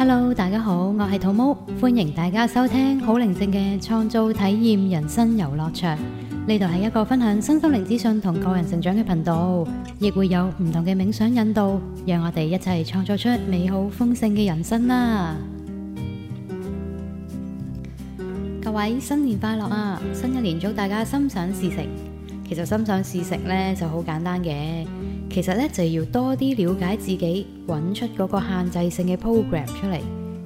Hello，大家好，我係 Tomo，歡迎大家收聽好靈性嘅創造體驗人生遊樂場。呢度係一個分享身心靈資訊同個人成長嘅頻道，亦會有唔同嘅冥想引導，讓我哋一齊創作出美好豐盛嘅人生啦！各位新年快樂啊！新一年祝大家心想事成。其實心想事成呢就好簡單嘅。其實咧就要多啲了解自己，揾出嗰個限制性嘅 program 出嚟，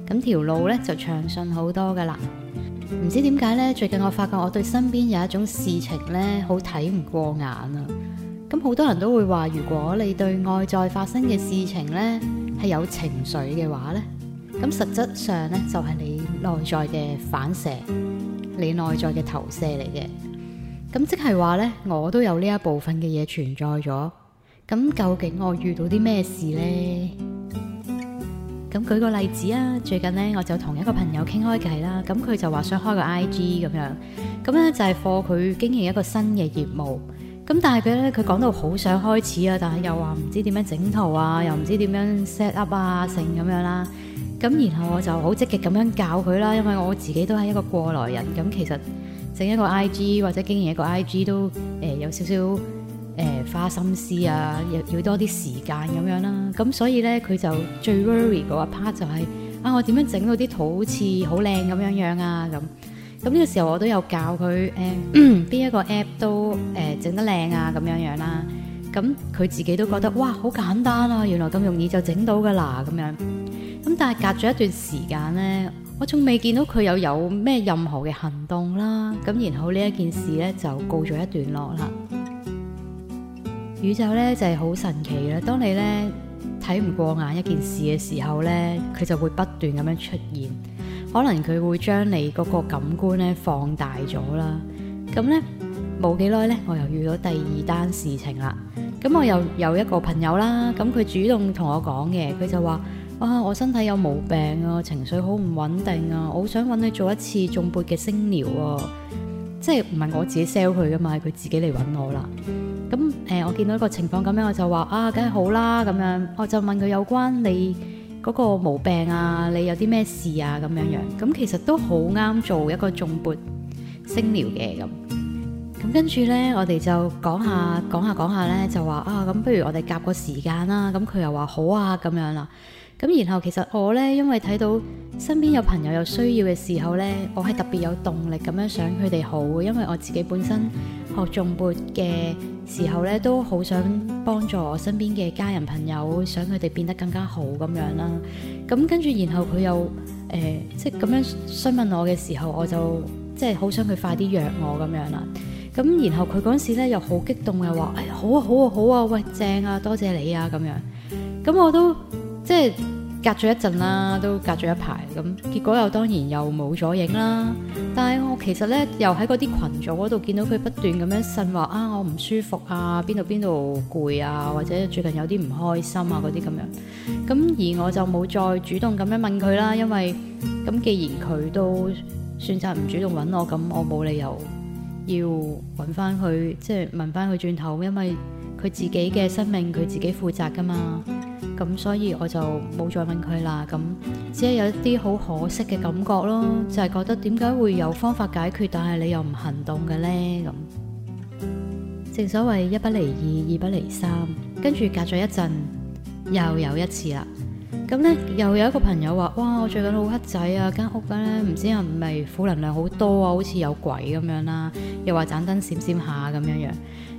咁條路咧就暢順好多噶啦。唔知點解咧？最近我發覺我對身邊有一種事情咧，好睇唔過眼啊。咁好多人都會話，如果你對外在發生嘅事情咧係有情緒嘅話咧，咁實質上咧就係你內在嘅反射，你內在嘅投射嚟嘅。咁即係話咧，我都有呢一部分嘅嘢存在咗。咁究竟我遇到啲咩事呢？咁舉個例子啊，最近呢，我就同一個朋友傾開偈啦，咁佢就話想開個 IG 咁樣，咁咧就係貨佢經營一個新嘅業務，咁但係佢咧佢講到好想開始啊，但係又話唔知點樣整圖啊，又唔知點樣 set up 啊，成咁樣啦，咁、啊、然後我就好積極咁樣教佢啦，因為我自己都係一個過來人，咁其實整一個 IG 或者經營一個 IG 都誒、呃、有少少。誒花心思啊，要要多啲時間咁樣啦、啊。咁、嗯、所以咧，佢就最 worried 嗰 part 就係、是、啊，我點樣整到啲圖好似好靚咁樣樣啊？咁咁呢個時候我都有教佢誒邊一個 app 都誒整、呃、得靚啊咁樣樣、啊、啦。咁、嗯、佢自己都覺得哇，好簡單啊，原來咁容易就整到噶啦咁樣。咁、嗯、但係隔咗一段時間咧，我仲未見到佢有有咩任何嘅行動啦。咁然後呢一件事咧就告咗一段落啦。宇宙咧就係、是、好神奇啦，當你咧睇唔過眼一件事嘅時候咧，佢就會不斷咁樣出現，可能佢會將你嗰個感官咧放大咗啦。咁咧冇幾耐咧，我又遇到第二單事情啦。咁我又有，有一個朋友啦，咁佢主動同我講嘅，佢就話，啊，我身體有毛病啊，情緒好唔穩定啊，我好想揾你做一次頌缽嘅聲療啊，即係唔係我自己 sell 佢噶嘛，係佢自己嚟揾我啦。咁誒、嗯，我見到一個情況咁樣，我就話啊，梗係好啦咁樣。我就問佢有關你嗰個毛病啊，你有啲咩事啊咁樣樣。咁其實都好啱做一個頌缽聲療嘅咁。咁跟住咧，我哋就講下講下講下咧，就話啊，咁不如我哋夾個時間啦。咁佢又話好啊咁樣啦。咁然後其實我咧，因為睇到身邊有朋友有需要嘅時候咧，我係特別有動力咁樣想佢哋好，因為我自己本身，學眾撥嘅時候咧，都好想幫助我身邊嘅家人朋友，想佢哋變得更加好咁樣啦。咁跟住，然後佢又誒、呃，即係咁樣詢問我嘅時候，我就即係好想佢快啲約我咁樣啦。咁然後佢嗰時咧又好激動嘅話，誒、哎，好啊，好啊，好啊，喂，正啊，多謝你啊，咁樣。咁我都即係。隔咗一陣啦，都隔咗一排咁，結果又當然又冇咗影啦。但係我其實咧，又喺嗰啲群組嗰度見到佢不斷咁樣呻話啊，我唔舒服啊，邊度邊度攰啊，或者最近有啲唔開心啊嗰啲咁樣。咁而我就冇再主動咁樣問佢啦，因為咁既然佢都選擇唔主動揾我，咁我冇理由要揾翻佢，即係問翻佢轉頭，因為佢自己嘅生命佢自己負責噶嘛。咁所以我就冇再問佢啦，咁只係有一啲好可惜嘅感覺咯，就係覺得點解會有方法解決，但係你又唔行動嘅咧咁。正所謂一不離二，二不離三，跟住隔咗一陣，又有一次啦。咁咧，又有一個朋友話：哇！我最近好黑仔啊，間屋咧唔知係唔係負能量好多啊，好似有鬼咁樣啦，又話盞燈閃閃下咁樣樣，啊，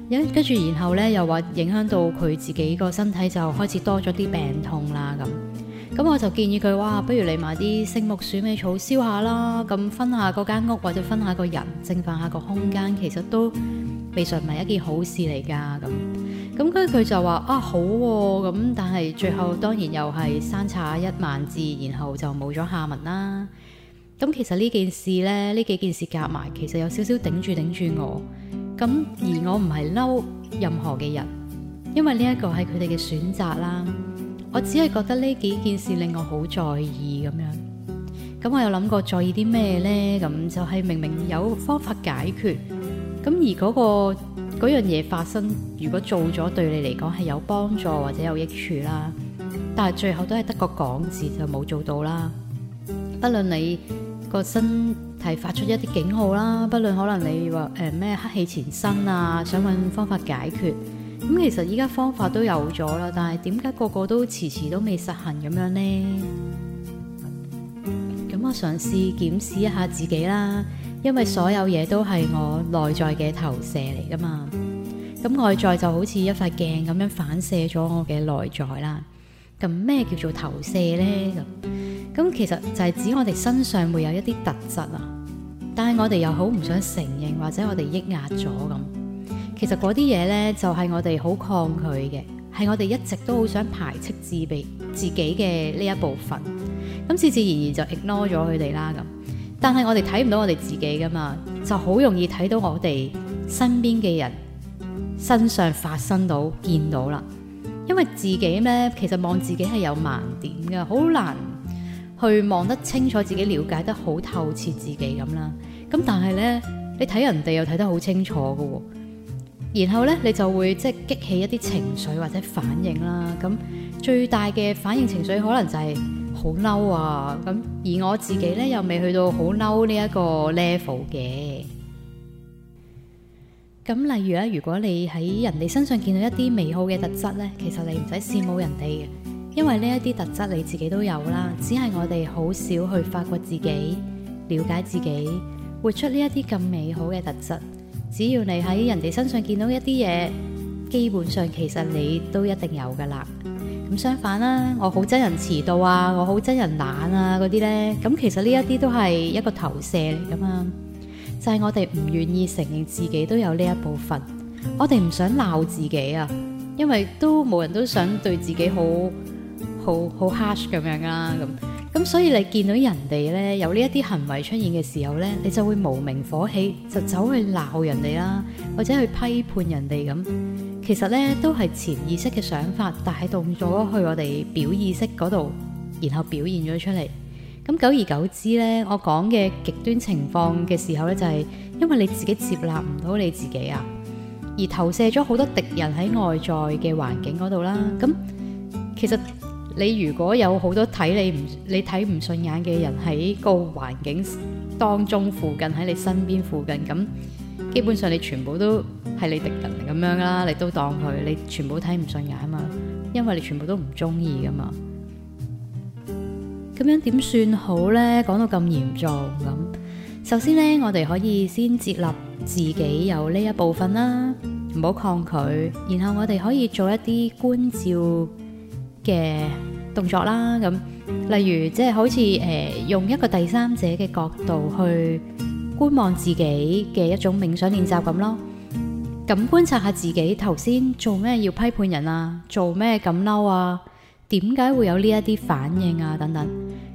一跟住然後咧又話影響到佢自己個身體就開始多咗啲病痛啦咁。咁我就建議佢：哇！不如你買啲聖木鼠尾草燒下啦，咁分下個間屋或者分下個人，淨化下個空間，其實都未嘗唔係一件好事嚟㗎咁。咁跟住佢就話啊好喎，啊，咁但係最後當然又係生差一萬字，然後就冇咗下文啦。咁其實呢件事咧，呢幾件事夾埋，其實有少少頂住頂住我。咁而我唔係嬲任何嘅人，因為呢一個係佢哋嘅選擇啦。我只係覺得呢幾件事令我好在意咁樣。咁我有諗過在意啲咩咧？咁就係明明有方法解決，咁而嗰、那個。嗰樣嘢發生，如果做咗對你嚟講係有幫助或者有益處啦，但係最後都係得個講字就冇做到啦。不論你個身體發出一啲警號啦，不論可能你話誒咩黑氣纏身啊，想揾方法解決，咁其實依家方法都有咗啦，但係點解個個都遲遲都未實行咁樣呢？咁我嘗試檢視一下自己啦。因為所有嘢都係我內在嘅投射嚟噶嘛，咁外在就好似一塊鏡咁樣反射咗我嘅內在啦。咁咩叫做投射咧？咁咁其實就係指我哋身上會有一啲特質啊，但係我哋又好唔想承認，或者我哋抑壓咗咁。其實嗰啲嘢咧就係、是、我哋好抗拒嘅，係我哋一直都好想排斥自、自卑自己嘅呢一部分。咁自自然然就 ignore 咗佢哋啦咁。但係我哋睇唔到我哋自己㗎嘛，就好容易睇到我哋身邊嘅人身上發生到、見到啦。因為自己咧，其實望自己係有盲點嘅，好難去望得清楚自己，瞭解得好透徹自己咁啦。咁但係咧，你睇人哋又睇得好清楚㗎喎、哦。然後咧，你就會即係激起一啲情緒或者反應啦。咁最大嘅反應情緒可能就係、是。好嬲啊！咁而我自己咧又未去到好嬲呢一個 level 嘅。咁例如咧，如果你喺人哋身上見到一啲美好嘅特質咧，其實你唔使羨慕人哋嘅，因為呢一啲特質你自己都有啦。只係我哋好少去發掘自己、了解自己、活出呢一啲咁美好嘅特質。只要你喺人哋身上見到一啲嘢，基本上其實你都一定有㗎喇。咁相反啦，我好憎人遲到啊，我好憎人懶啊，嗰啲咧，咁其實呢一啲都係一個投射嚟噶嘛，就係、是、我哋唔願意承認自己都有呢一部分，我哋唔想鬧自己啊，因為都冇人都想對自己好好好 harsh 咁樣啊。咁咁所以你見到人哋咧有呢一啲行為出現嘅時候咧，你就會無名火起，就走去鬧人哋啦，或者去批判人哋咁。其實咧都係潛意識嘅想法帶動咗去我哋表意識嗰度，然後表現咗出嚟。咁久而久之咧，我講嘅極端情況嘅時候咧，就係因為你自己接納唔到你自己啊，而投射咗好多敵人喺外在嘅環境嗰度啦。咁其實你如果有好多睇你唔你睇唔順眼嘅人喺個環境當中附近喺你身邊附近咁。基本上你全部都係你敵人咁樣啦，你都當佢，你全部睇唔順眼啊嘛，因為你全部都唔中意噶嘛。咁樣點算好咧？講到咁嚴重咁，首先咧，我哋可以先接納自己有呢一部分啦，唔好抗拒。然後我哋可以做一啲觀照嘅動作啦，咁例如即係、就是、好似誒、呃、用一個第三者嘅角度去觀望自己嘅一種冥想練習咁咯，咁觀察下自己頭先做咩要批判人啊，做咩咁嬲啊？點解會有呢一啲反應啊？等等，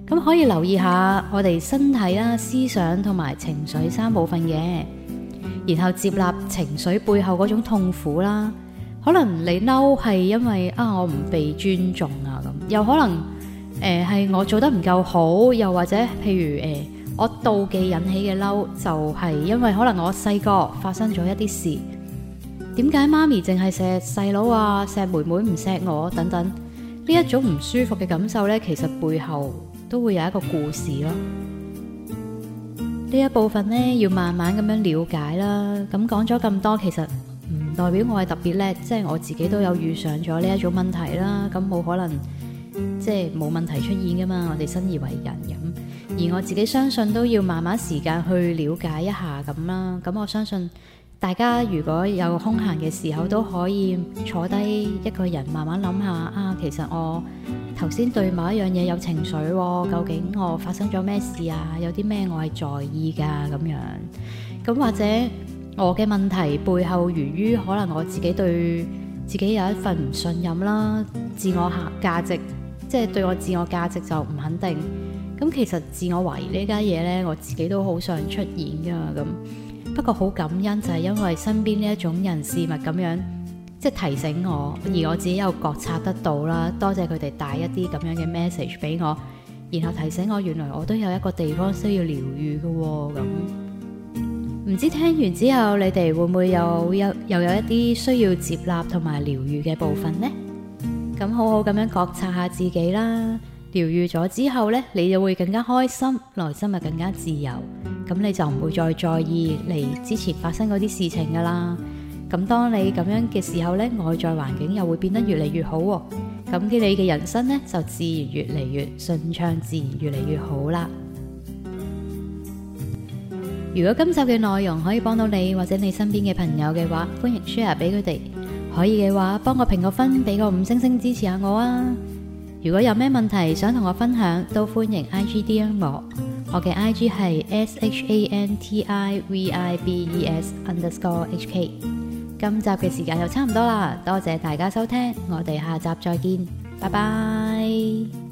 咁可以留意下我哋身體啦、啊、思想同埋情緒三部分嘅，然後接納情緒背後嗰種痛苦啦、啊。可能你嬲係因為啊我唔被尊重啊咁，又可能誒係、呃、我做得唔夠好，又或者譬如誒。呃我妒忌引起嘅嬲，就係因為可能我細個發生咗一啲事，點解媽咪淨係錫細佬啊，錫妹妹唔錫我等等，呢一種唔舒服嘅感受咧，其實背後都會有一個故事咯。呢一部分咧，要慢慢咁樣了解啦。咁講咗咁多，其實唔代表我係特別叻，即係我自己都有遇上咗呢一種問題啦。咁冇可能即係冇問題出現噶嘛？我哋生而為人咁。而我自己相信都要慢慢時間去了解一下咁啦。咁我相信大家如果有空閒嘅時候，都可以坐低一個人慢慢諗下啊。其實我頭先對某一樣嘢有情緒，究竟我發生咗咩事啊？有啲咩我係在意噶咁樣，咁或者我嘅問題背後源於可能我自己對自己有一份唔信任啦，自我價價值即係、就是、對我自我價值就唔肯定。咁其實自我懷疑呢家嘢咧，我自己都好想出現噶咁。不過好感恩就係因為身邊呢一種人事物咁樣，即係提醒我，而我自己又覺察得到啦。多謝佢哋帶一啲咁樣嘅 message 俾我，然後提醒我原來我都有一個地方需要療愈嘅喎。咁唔知聽完之後你哋會唔會有有又有一啲需要接納同埋療愈嘅部分呢？咁好好咁樣覺察下自己啦～療愈咗之後咧，你就會更加開心，內心就更加自由，咁你就唔會再在意嚟之前發生嗰啲事情噶啦。咁當你咁樣嘅時候咧，外在環境又會變得越嚟越好，咁嘅你嘅人生咧就自然越嚟越順暢，順暢自然越嚟越好啦。如果今集嘅內容可以幫到你或者你身邊嘅朋友嘅話，歡迎 share 俾佢哋。可以嘅話，幫我評個分，俾個五星星支持下我啊！如果有咩問題想同我分享，都歡迎 I G D M 我。我嘅 I G 係 S H A N T I V I B E S underscore H K。今集嘅時間就差唔多啦，多謝大家收聽，我哋下集再見，拜拜。